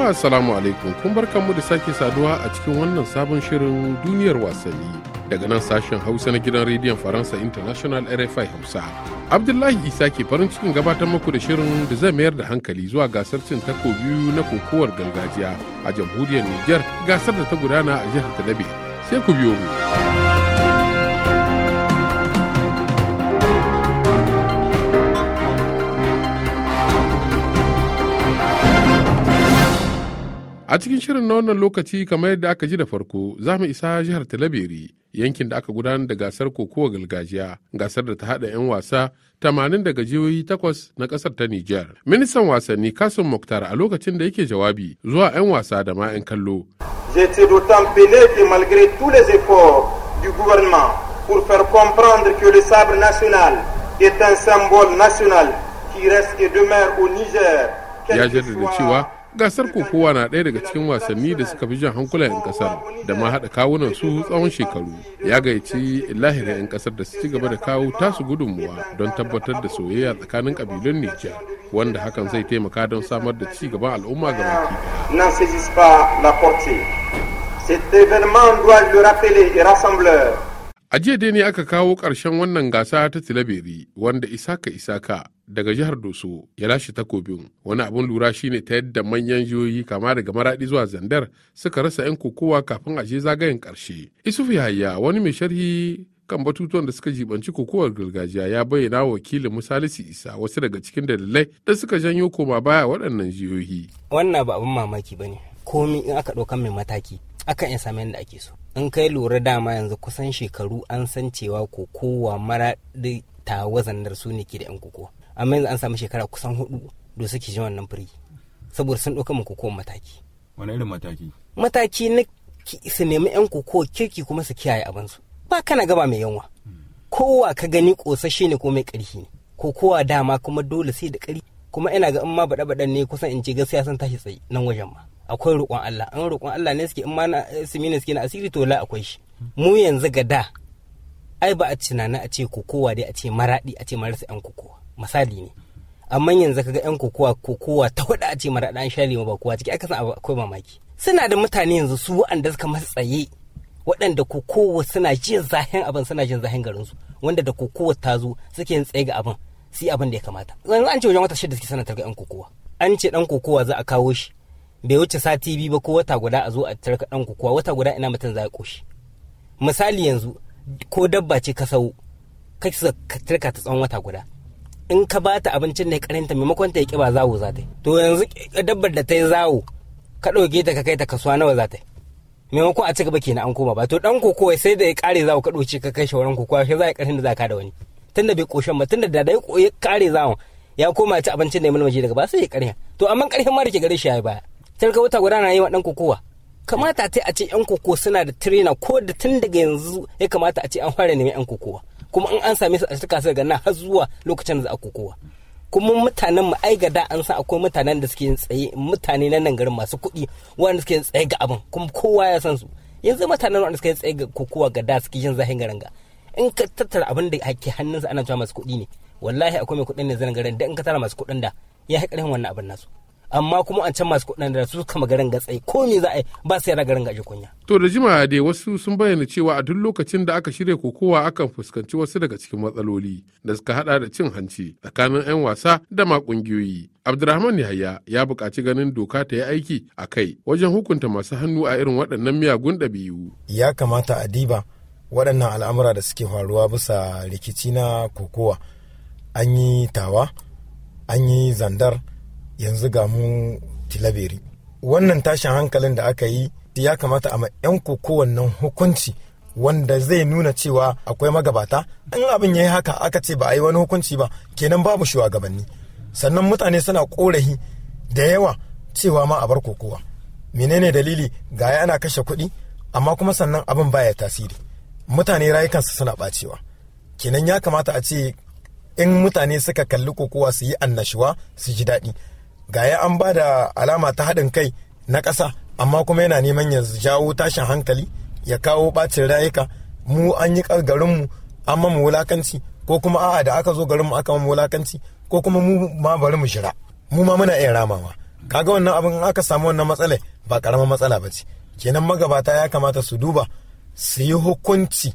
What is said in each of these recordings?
jama'a assalamu alaikum kun bar mu da sake saduwa a cikin wannan sabon shirin duniyar wasanni daga nan sashen hausa na gidan rediyon faransa international rfi hausa abdullahi isa ke farin cikin gabatar muku da shirin da zai mayar da hankali zuwa gasar cin biyu na kokowar gargajiya a jamhuriyar niger gasar da ta gudana a jihar talabi sai ku biyo mu. A cikin shirin na wannan lokaci kamar yadda aka ji da farko za mu isa jihar Talabiri yankin da aka gudanar da gasar kokowa gargajiya gasar da ta haɗa 'yan wasa tamanin daga jihohi takwas na ƙasar ta Nijar. Ministan wasanni Kasim Muktar a lokacin da yake jawabi zuwa 'yan wasa da ma 'yan kallo. J'étais d'autant peiné que malgré tous les efforts du gouvernement pour faire comprendre que le sabre national est un symbole national qui reste et demeure au Niger. Ya jaddada cewa gasar kokowa na ɗaya daga cikin wasanni da suka fi jan hankulan 'yan kasar da ma haɗa kawunan su tsawon shekaru ya gayyaci lahirin 'yan kasar da su ci gaba da kawo tasu gudunmuwa don tabbatar da soyayya tsakanin kabilun nijar wanda hakan zai taimaka don samar da ci gaban al'umma ga baki a jiya dai ne aka kawo ƙarshen wannan gasa ta tilaberi wanda isaka isaka daga jihar Doso ya lashe takobin. Wani abun lura shine ta yadda manyan jihohi kama daga Maradi zuwa Zandar suka rasa 'yan kokowa kafin a je zagayen karshe Isufu Yahaya wani mai sharhi kan batutuwan da suka jibanci kokowar gargajiya ya bayyana wakilin misalisi isa wasu daga cikin dalilai da suka janyo koma baya waɗannan jihohi. wannan ba abun mamaki bane ne komi in aka ɗaukan mai mataki akan iya sami yadda ake so in kai lura dama yanzu kusan shekaru an san cewa kokowa maradi ta wazandar su ne ke da yan kokowa amma yanzu an samu shekara kusan hudu da suke jin wannan firi saboda sun ɗauka mu mataki wani irin mataki mataki na su nemi yan koko kirki kuma su kiyaye abin su. ba kana gaba mai yanwa kowa ka gani ƙosashe ne ko mai ƙarfi ne ko dama kuma dole sai da ƙari kuma ina ga in ma baɗa baɗan ne kusan in ce gaskiya sun tashi tsaye nan wajen ma akwai roƙon Allah an roƙon Allah ne suke in ma na eh, suke na asiri to la akwai shi mu yanzu ga da ai ba a tunana a ce kokowa dai a ce maraɗi a ce marasa yan kokowa misali ne amma yanzu ga yan kokowa kokowa ta hudu a ce mara dan sha lema ba kowa ciki aka san akwai mamaki suna da mutane yanzu su waɗanda suka masa tsaye waɗanda kokowa suna jin zahin abin suna jin zahin garin su wanda da kokowa ta zo suke yin tsaye ga abin su abin da ya kamata yanzu an ce wajen wata shida suke sanatar ga yan kokowa an ce dan kokowa za a kawo shi bai wuce sati biyu ba ko wata guda a zo a tarka dan kokowa wata guda ina mutum za a koshi misali yanzu ko dabba ce ka sau ka tarka ta tsawon wata guda in ka ba ta abincin da ya karanta maimakon ta ya kiba zawo za ta yi to yanzu dabbar da ta yi zawo ka ɗauke ta ka kai ta kasuwa nawa za ta yi maimakon a ci gaba kenan an koma ba to dan koko sai da ya kare zawo ka ɗauke ka kai shawaran koko shi za a karshen da za ka da wani tunda bai koshin ba tunda da ya kare zawo ya koma ci abincin da ya mulmaji daga ba sai ya karya to amma karfin ma da ke gare shi ya yi baya sai ka wata guda na yi wa dan kokowa kamata ta a ce yan koko suna da trainer ko da tun daga yanzu ya kamata a ce an fara neman yan kokowa kuma in an same su a shirka su ga har zuwa lokacin da za a kokowa kuma mutanen mu ai da an san akwai mutanen da suke tsaye mutane na nan garin masu kuɗi wanda suke tsaye ga abin kuma kowa ya san su yanzu mutanen wanda suke tsaye ga kokowa ga da suke yin zahin garin ga in ka tattara abin da ake hannunsa ana cewa masu kuɗi ne wallahi akwai mai kuɗin ne zanen garin da in ka tara masu kuɗin da ya haƙarin wannan abin nasu amma kuma an can masu kuɗin da su kama garin gatsai ko me za a yi ba su yara garin gaji kunya. to da jima da wasu sun bayyana cewa a duk lokacin da aka shirya kokowa akan fuskanci wasu daga cikin matsaloli da suka hada da cin hanci tsakanin 'yan wasa da ma kungiyoyi abdurrahman yahaya ya buƙaci ganin doka ta yi aiki a kai wajen hukunta masu hannu a irin waɗannan miyagun ɗabi'u. ya kamata a diba waɗannan al'amura da suke faruwa bisa rikici na kokowa an yi tawa an yi zandar yanzu ga mu tilaberi wannan tashin hankalin da aka yi ya kamata a ma 'yan hukunci wanda zai nuna cewa akwai magabata in abin ya yi haka aka ce ba a yi wani hukunci ba kenan babu shugabanni sannan mutane suna korahi da yawa cewa ma a bar kokowa menene dalili ga ana kashe kuɗi amma kuma sannan abin baya tasiri mutane rayukansu suna ɓacewa kenan ya kamata a ce in mutane suka kalli kokowa su yi annashuwa su ji daɗi gaya an ba da alama ta haɗin kai na ƙasa amma kuma yana neman ya jawo tashin hankali ya kawo ɓacin rayuka mu an yi garinmu an mamu wulakanci ko kuma a'a da aka zo garinmu aka mamu wulakanci ko kuma mu ma bari mu shira mu ma muna iya ramawa kaga wannan abin in aka samu wannan matsala ba karamar matsala ba ce kenan magabata ya kamata su duba su yi hukunci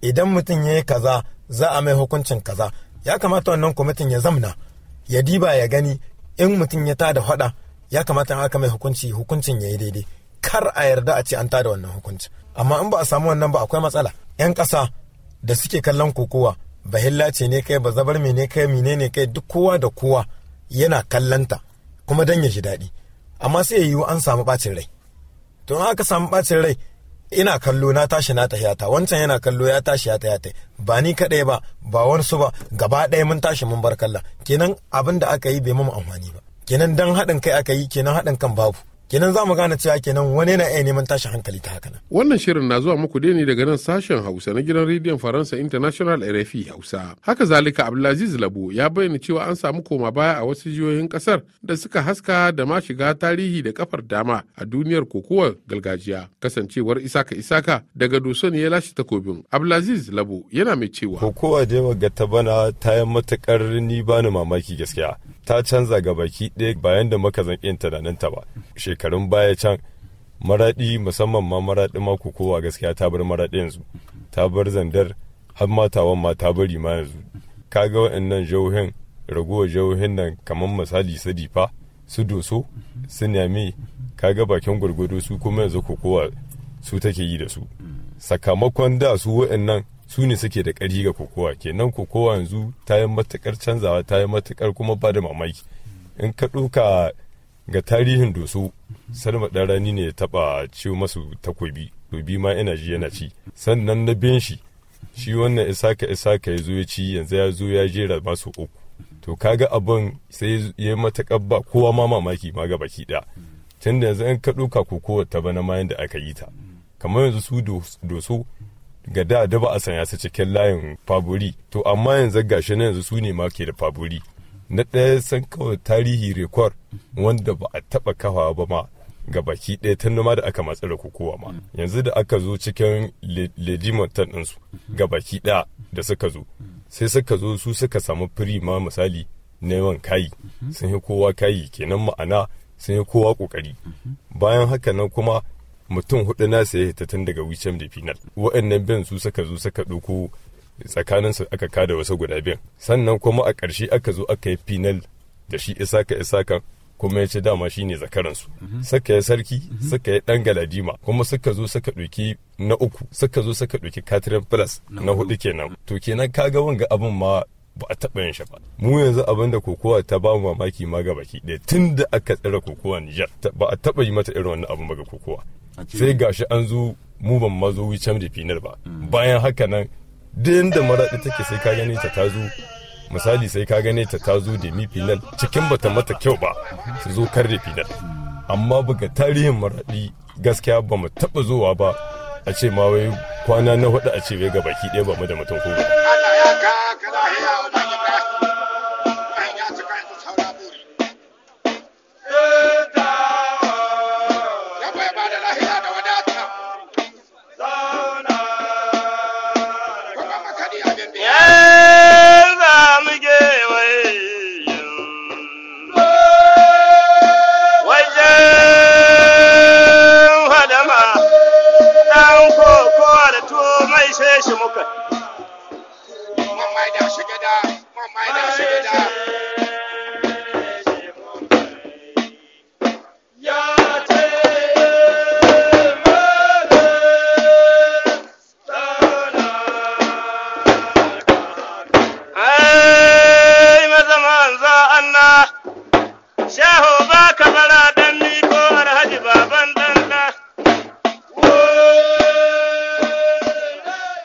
idan mutum ya yi kaza za a mai hukuncin kaza ya kamata wannan kwamitin ya zamna ya diba ya gani in mutum ya tada faɗa ya kamata aka mai hukunci hukuncin ya yi daidai kar a yarda a ce an tada wannan hukunci amma in ba a samu wannan ba akwai matsala yan ƙasa da suke kallon kokowa bahilla ce ne kai ba zabar me ne kai mine ne kai duk kowa da kowa yana kallanta kuma dan ya ji daɗi amma sai ya yiwu an samu ɓacin rai to in aka samu ɓacin rai ina kallo na tashi na tahiyata wancan yana kallo ya tashi ya tahiyata ba ni kadai ba ba wansu ba gaba ɗaya mun tashi mun bar kalla kenan abin da aka yi bai mamu amfani ba kenan dan haɗin kai aka yi kenan haɗin kan babu kenan za mu gane cewa kenan wani yana iya neman tashin hankali ta haka nan. Wannan shirin na zuwa muku ne daga nan sashen Hausa na gidan rediyon Faransa International RFI Hausa. Haka zalika Abdulaziz Labo ya bayyana cewa an samu koma baya a wasu jihohin kasar da suka haska da ma shiga tarihi da kafar dama a duniyar kokowar gargajiya. Kasancewar Isaka Isaka daga Duson ya lashe takobin. Abdulaziz Labo yana mai cewa. Kokowa da yawa ga ta bana ta yi matukar ni bani mamaki gaskiya. Ta canza ga baki ɗaya bayan da muka zan ta da nan ta ba. shekarun baya can maraɗi musamman ma maraɗi mako kowa gaskiya ta bar maraɗi yanzu ta bar zandar har matawan ma ta bari ma yanzu kaga waɗannan jauhin ragowar jauhin nan kamar misali su difa su doso su nami kaga bakin gurgudu su kuma yanzu kokowa su take yi da su sakamakon da su waɗannan su ne suke da ƙari ga kokowa kenan kokowa yanzu ta yi matuƙar canzawa ta yi matuƙar kuma ba da mamaki in ka ɗauka ga tarihin doso salma dan rani ne ya taba ciwo masu takobi bi ma yana ji yana ci sannan na ben shi shi wannan isaka isaka ya zo ya ci yanzu ya zo ya jera masu uku to kaga abin sai ya mata ba kowa ma mamaki ma ga baki ɗaya tun da yanzu in ka ɗauka kokowar ta bana ma da aka yi ta kamar yanzu su doso ga da da ba a sanya su cikin layin faburi to amma yanzu gashi na yanzu su ne ma ke da faburi na ɗaya san kawai tarihi rekwar wanda ba a taɓa kafa ba ma ga baki ɗaya ta ma da aka matsa da kowa ma yanzu da aka zo cikin lejimantan ɗinsu ga baki ɗaya da suka zo sai suka zo su suka samu firi ma misali na yawan kayi sun yi kowa kayi kenan ma'ana sun yi kowa ƙoƙari bayan haka nan kuma mutum hudu na sai ya tun daga wicem da final wa'annan bin su suka zo suka ɗauko tsakanin su aka kada wasu guda biyan sannan kuma a ƙarshe aka zo aka yi final da shi isaka isaka kuma ya ce dama shi ne zakaransu mhm. suka yi sarki mhm. suka yi ɗan galadima kuma suka zo suka ɗauki na uku suka zo suka ɗauki catherine plus na hudu kenan to kenan kaga wanga abin ma ba a taɓa yin shi ba mu yanzu abin da kokowa ta ba mu mamaki ma ga baki ɗaya tun da aka tsira kokowa Nijar ba a taɓa yi mata irin wannan abin ba ga kokowa sai gashi an zo mu ban ma zo wucem da final ba mm. bayan haka nan duk inda maraɗi take sai ka gane ta ta zo misali sai ka gane ta ta zo demi final cikin bata mata kyau ba su zo kar da final amma buga tarihin maraɗi gaskiya ba mu taɓa zowa ba a ce ma wai kwana na hudu a ce wai ga baki ɗaya ba mu da mutum ko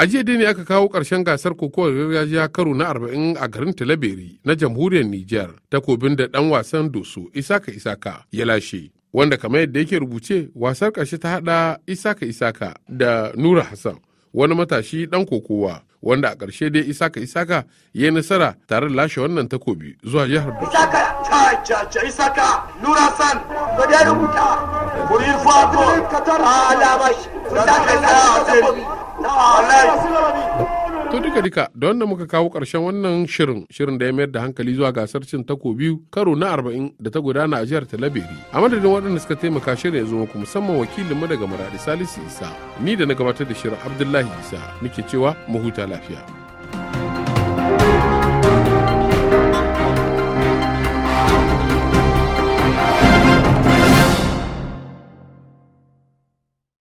A jiya dai ne aka kawo ƙarshen gasar kokowar gargajiya karo na arba'in a garin Talaberi na jamhuriyar Nijar takobin da ɗan wasan Doso Isaka Isaka ya lashe. Wanda kamar yadda yake rubuce wasar ƙarshe ta haɗa Isaka Isaka da Nura Hassan wani matashi ɗan kokowa wanda a ƙarshe dai Isaka Isaka ya yi nasara tare da lashe wannan takobi zuwa jihar Doso. da To duka duka da wannan muka kawo ƙarshen wannan shirin shirin da ya mayar da hankali zuwa gasar cin tako biyu karo na arba'in da ta gudana a jihar Talabiri. A madadin waɗanda suka taimaka shirin ya zo muku musamman wakilinmu daga Maradi Salisu Isa. Ni da na gabatar da shirin Abdullahi Isa nake cewa mu huta lafiya.